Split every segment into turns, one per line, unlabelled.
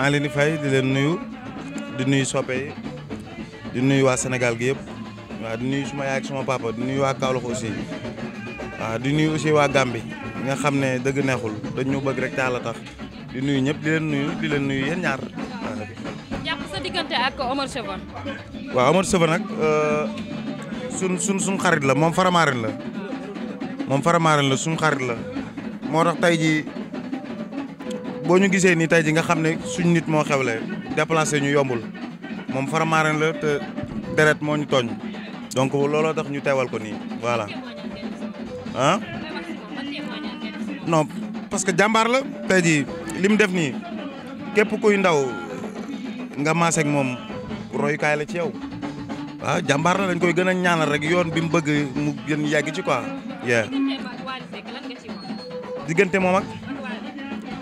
maa ngi leen di fay di leen nuyu di nuyu soppe yi di nuyu waa senegal gi yëpp waa di nuyu suma yaay ak suma papa di nuyu waa Kaolack aussi waaw di nuyu aussi waa Gambie nga xam ne dëgg neexul dañ ñu bëgg rek taal a tax di nuyu ñëpp di leen nuyu di leen nuyu yéen ñaar.
jàpp sa diggante ak Omar Chevron.
waaw Omar Chevron nag euh, sun sun suñ xarit la moom faramaarin la moom faramaarin la suñ xarit la moo tax tey jii. boo ñu gisee nii tey ji nga xam ne suñ nit moo xewle déplacé ñu yombul moom faramaaren la te deret moo ñu tooñ donc looloo tax ñu teewal ko nii voilà ah non parce que jàmbaar la tey ji li mu def nii képp kuy ndaw nga maase moom royukaay la ci yow waaw ah, jàmbaar la dañ koy gën a ñaanal rek yoon bi mu bëgg mu gën yàgg ci koi diggante moom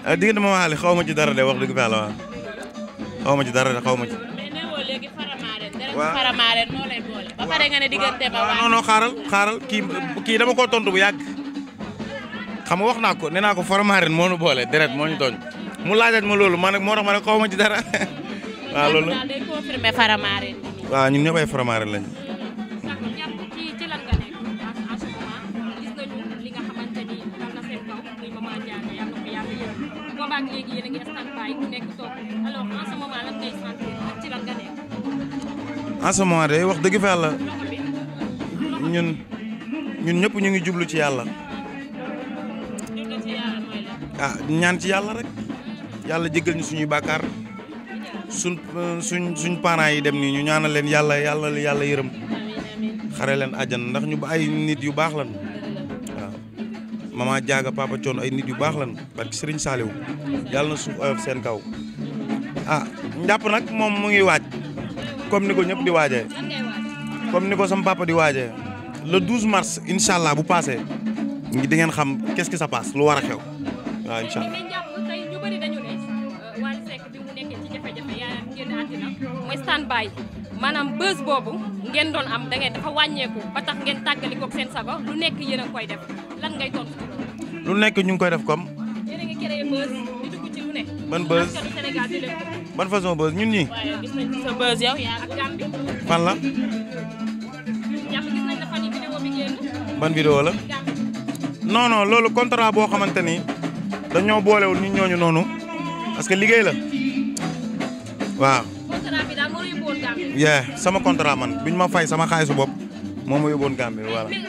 Ah, diggante Mama Ali xaw ma ci dara de wax dëgg fa yàlla waaw xaw ma ci dara de xaw ma ci. mais waaw faramaareen xaaral xaaral kii kii dama koo tontu bu yàgg. xam nga wax naa ko ne naa ko faramaareen moo ñu boole deret moo ñu tooñ mu laajat ma loolu man moo tax ma ne xaw ma ci dara. waaw loolu
waaw
ñun ñëpp ay faramaareen lañu. en ce moment de wax dëgg fa yàlla ñun ñun ñëpp ñu ngi jublu ci yàlla. ah ñaan ci yàlla rek yàlla jéggal ñu suñuy bàkkaar suñ suñ suñ parents yi dem nii ñu ñaana leen yàlla yàlla yàlla yërëm xare leen àjjana ndax ñu ba ay nit yu baax lan waaw mama jaaga papa coon ay nit yu baax lan barki sëriñ Saaliw yàlla na suuf oyof seen kaw ah njàpp nag moom mu ngi waaj comme ni ko ñëpp di waajee comme ni ko sama papa di waaje le 12 mars incha allah bu passé di ngeen xam qu'est-ce qui se lu war a xew allah.
Euh, mooy standby maanaam bés boobu ngeen doon am da dafa wàññeeku ba tax ngeen tàggali koog seen sago lu nekk yéen koy def lan ngay tontu.
lu nekk ñu ngi koy def comme.
ban buzz
ban façon buzz ñun ñii.
sa buzz yow fan la.
ban vidéo la. non non loolu contrat boo xamante ni dañoo boolewul ñun ñooñu noonu parce que liggéey la waaw.
contrat
sama contrat man bu ma fay sama xaalisu bopp moom ma yóbbuwoon Gambie voilà.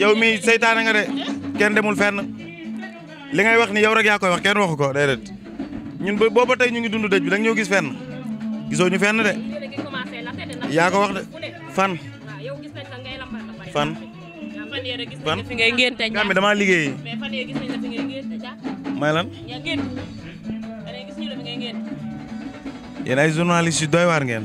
yow mi seytaane nga de
kenn demul fenn li ngay wax ni yow rek yaa koy wax kenn waxu ko déedéet ñun ba booba ñu ngi dund dëj bi da ñoo gis fenn gisoo ñu fenn de
yaa ko wax de fan fan fan gam bi damaa liggéey
may lan yéen ay journaliste yu doy waar ngeen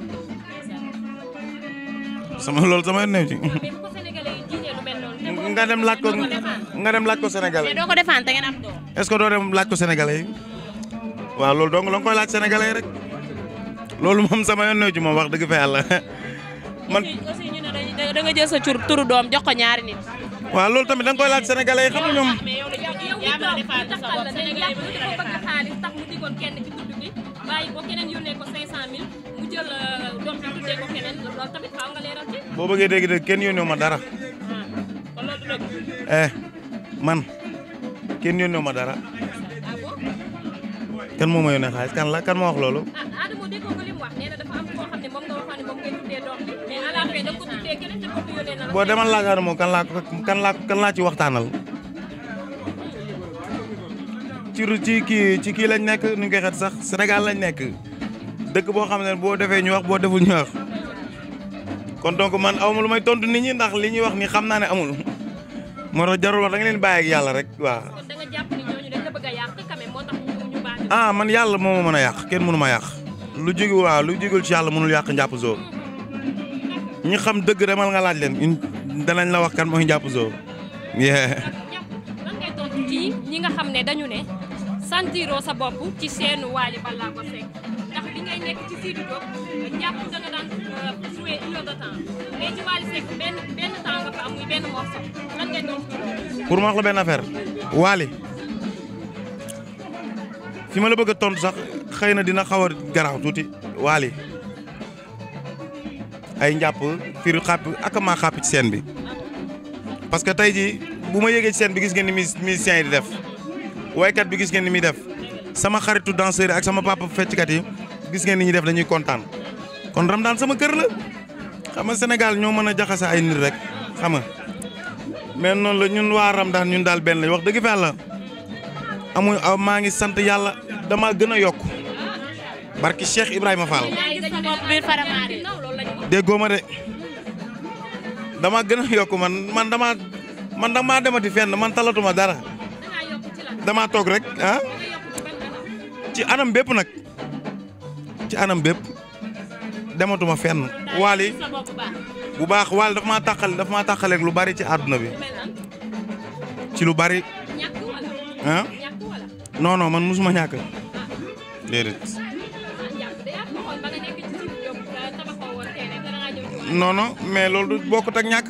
sama loolu sama yoon néew nga dem laaj ko dem laaj ko sénégalais.
mais doo ko defaan te ngeen am
doo dem laaj ko sénégalais yi. waaw loolu donc la nga koy laaj sénégalais yi rek. loolu moom sama yoon ji ci moom wax dëgg fa yàlla.
man aussi ñu ne da doom jox ko ñaari nit.
waaw loolu tamit danga koy laaj sénégalais yi ñoom.
jël euh, doom bi boo
bëggee dégg dégg kenn yónnee ma dara. Ah, kon eh, man kenn yónnee ma dara. Ah kan moo ma yónnee xaalis kan la kan ma wax loolu. Ah, boo demal laaj moom kan laa kan laa kan laa ci waxtaanal. ci ci kii ci kii lañ nekk nu ñu xet sax Sénégal lañ nekk. dëkk boo xam ne boo defee ñu wax boo deful ñu wax kon donc man awma lu may tontu nit ñi ndax li ñuy wax ni xam naa ne amul moo tax jarul wax da leen bàyyi yàlla rek waaw. Ah, man yàlla moo ma mën a yàq kenn mënu ma yàq lu jóge waa lu jógul ci yàlla mënul yàq njàpp zoo ñi xam dëgg demal nga laaj leen danañ la wax kan mooy njàpp zoo. lan
ñi nga xam ne dañu ne sentiroo sa bopp ci seenu Wally Ballago Seck Euh,
pour ma wax la benn affaire Wally fi ma la bëgg a tontu sax xëy na dina xaw a garaaw tuuti Wally ay njàpp firi xàpp ak maa xàpp ci seen bi parce que tey jii bu ma yégee ci scène bi gis ngeen ni musiciens yi di def waykat bi gis ngeen muy def sama xaritu danseur ak sama papa fecckat yi gis ngeen ni ñuy def dañuy kontaan kon Ramadan sama kër la xam nga ñoo mën a jaxase ay nit rek xam nga mais noonu la ñun waa Ramadan ñun daal benn la wax dëgg fa yàlla amuñu ah, maa ngi sant yàlla damaa gën a yokk barki Cheikh Ibrahima Fall. déggoo ma de dama gën a yokk man man damaa man damaa demati fenn man talatuma dara damaa toog rek ah ci anam bépp nag. ci anam bépp dematuma fenn waali bu baax waali dafa maa tàqal dafa maa tàqaleeg lu bari ci àdduna bi ci lu bari noonoo non man mosuma ñàkk déedéet mais loolu du bokkut ak ñàkk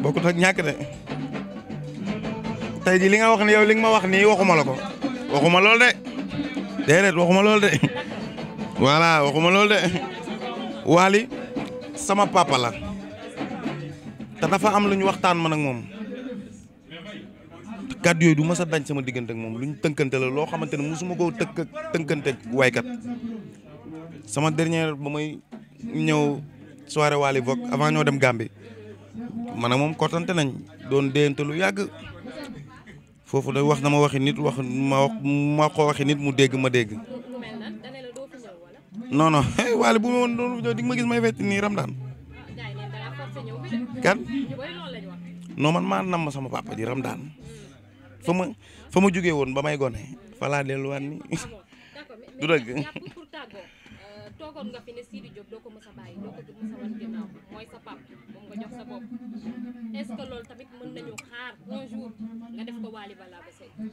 bokkut ak ñàkk de tey ji li nga wax ni yow li nga ma wax nii waxuma la ko waxuma loolu de déedéet waxuma loolu de voilà waxuma loolu de Wally sama papa la te dafa am lu ñu waxtaan man ak moom kàddu yooyu du ma a dañ sama diggante ak moom lu ñu tënkante la loo xamante ne suma koo tëkk tënkante waykat sama dernière ba may ñëw soirée Wally Vogue avant ñoo dem Gambie man ak moom kottante nañ doon déyante lu yàgg. foofu la wax na ma waxi nit wax ma wax ma waxi nit mu dégg ma dégg non non waale bu woon doon di ma gis may fett nii Ramdaan kan non man maa nam sama papa ji Ramdaan fa ma fa ma jógee woon ba may gone fa delluwaat ni
du dëgg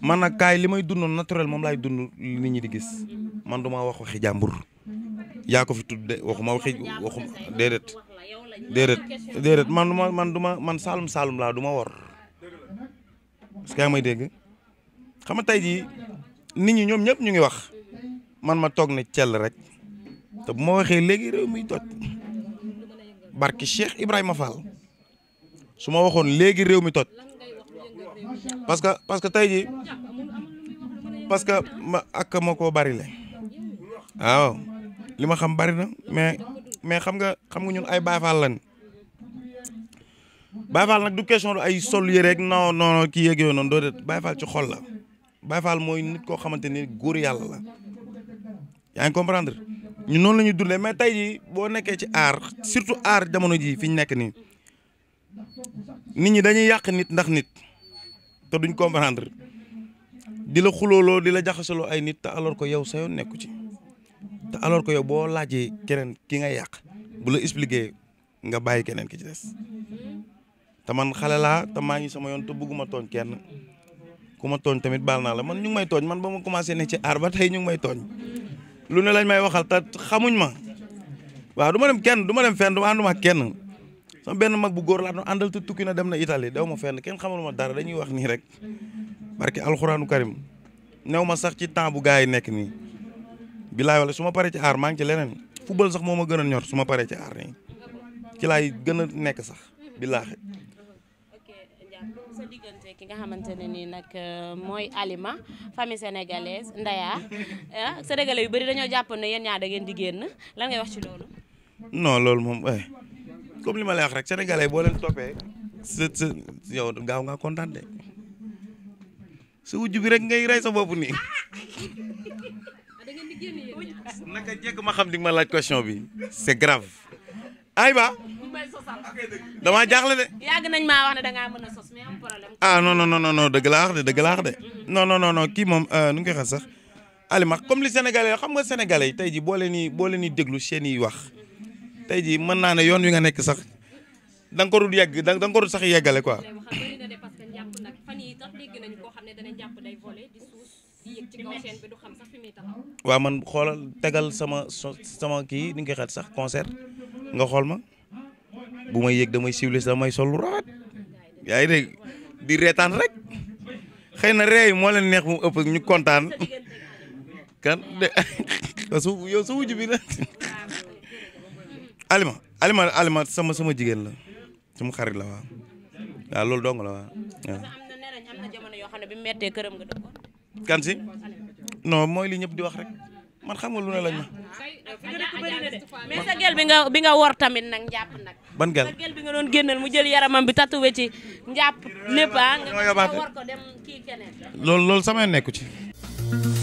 man nag kaay li may dund naturel moom laay dund nit ñi di gis man du wax waxi jàmbur yaa ko fi tudde waxuma waxi waxuma déedéet déedéet déedéet man du man saalum saalum laa du ma wor parce que yaa may dégg xam a tey ji nit ñi ñoom ñëpp ñu ngi wax man ma toog ne cell rek te bu ma waxee léegi réew mi toj barki Cheikh Ibrahima Fall su ma waxoon léegi réew mi toj parce que parce que tey jii parce que ma ak ma koo bari le waaw li ma xam bari na mais mais xam nga xam nga ñun ay Baay Faal lañ Baay Faal nag du question du ay sol yi rek non non kii yeeg yooyu noonu Faal ci xol la Baay Faal mooy nit koo xamante ni góor yàlla la yaa ngi comprendre ñu noonu lañu ñuy dundee mais tey jii boo nekkee ci aar surtout aar jamono jii fi ñu nekk nii nit ñi dañuy yàq nit ndax nit. te duñ comprendre di la xulooloo di la jaxasaloo ay nit te alors ko yow sa yoon nekku ci te alors ko yow boo laajee keneen ki nga yàq bu la expliquer nga bàyyi keneen ki ci des te man xale laa te maa ngi sama yoon te bëgguma tooñ kenn ku ma tooñ tamit baal naa la man ñu ngi tooñ man ba ma commencé ne ci aar ba tey ngi may tooñ lu ne lañ may waxal ta xamuñ ma waaw du ma dem kenn duma dem fenn du ma kenn sama benn mag bu góor laa doon àndal te tukki na dem na Italie daw ma fenn kenn xamal ma dara dañuy wax nii rek barke alxuraanu karim new ma sax ci temps bu gars yi nekk nii. bilaay wala la ma paree ci aar maa ngi ci leneen football sax moo ma gën a ñor su ma paree ci aar nii ci laay gën a nekk sax bilaahi.
ki nga xamante nii nag euh, mooy Alima famille sénégalaise Ndaya ah, sénégalais yu bëri dañoo jàpp ne yéen ñaar da ngeen di génn lan ngay wax ci loolu.
non loolu moom eh. comme li ma lay wax rek sénégalais boo leen toppee sa sa yow gaaw ngaa de sa wujj bi rek ngay rey sa bopp nii. naka jekk ma xam di ma laaj question bi c'est grave. aywa. damaa jaaxle de.
yàgg nañ maa wax ne da ngaa mën a sos mais am
problème. ah non de dëgg laa wax kii moom euh, nu nga koy xas sax. Alima comme li sénégalais xam nga sénégalais tey ji boo leen di boo leen di déglu seen i wax. tey jii mën naa ne yoon wi nga nekk sax da nga ko dul yegg da nga ko dul sax yeggale ko waaw man xoolal tegal sama sama kii ni nga koy xet sax concert nga xool ma bu may yëg damay siwlis damay sol lu rafet yaa ngi dégg di reetaan rek xëy na ree yi moo leen neex mu ëpp ñu kontaan kan de yow wujj bi la Alima Alima Alima sama sama jigéen la sama xarit la waaw waaw loolu dong la waaw waaw. kan si non mooy li ñëpp di wax rek man xam nga lu ne lañ ma.
mais sa gel bi nga bi nga wor tamit nag njàpp
nag. ban gel sa
gel bi nga bi tatoué ci njàpp lépp ah,
nekku ci.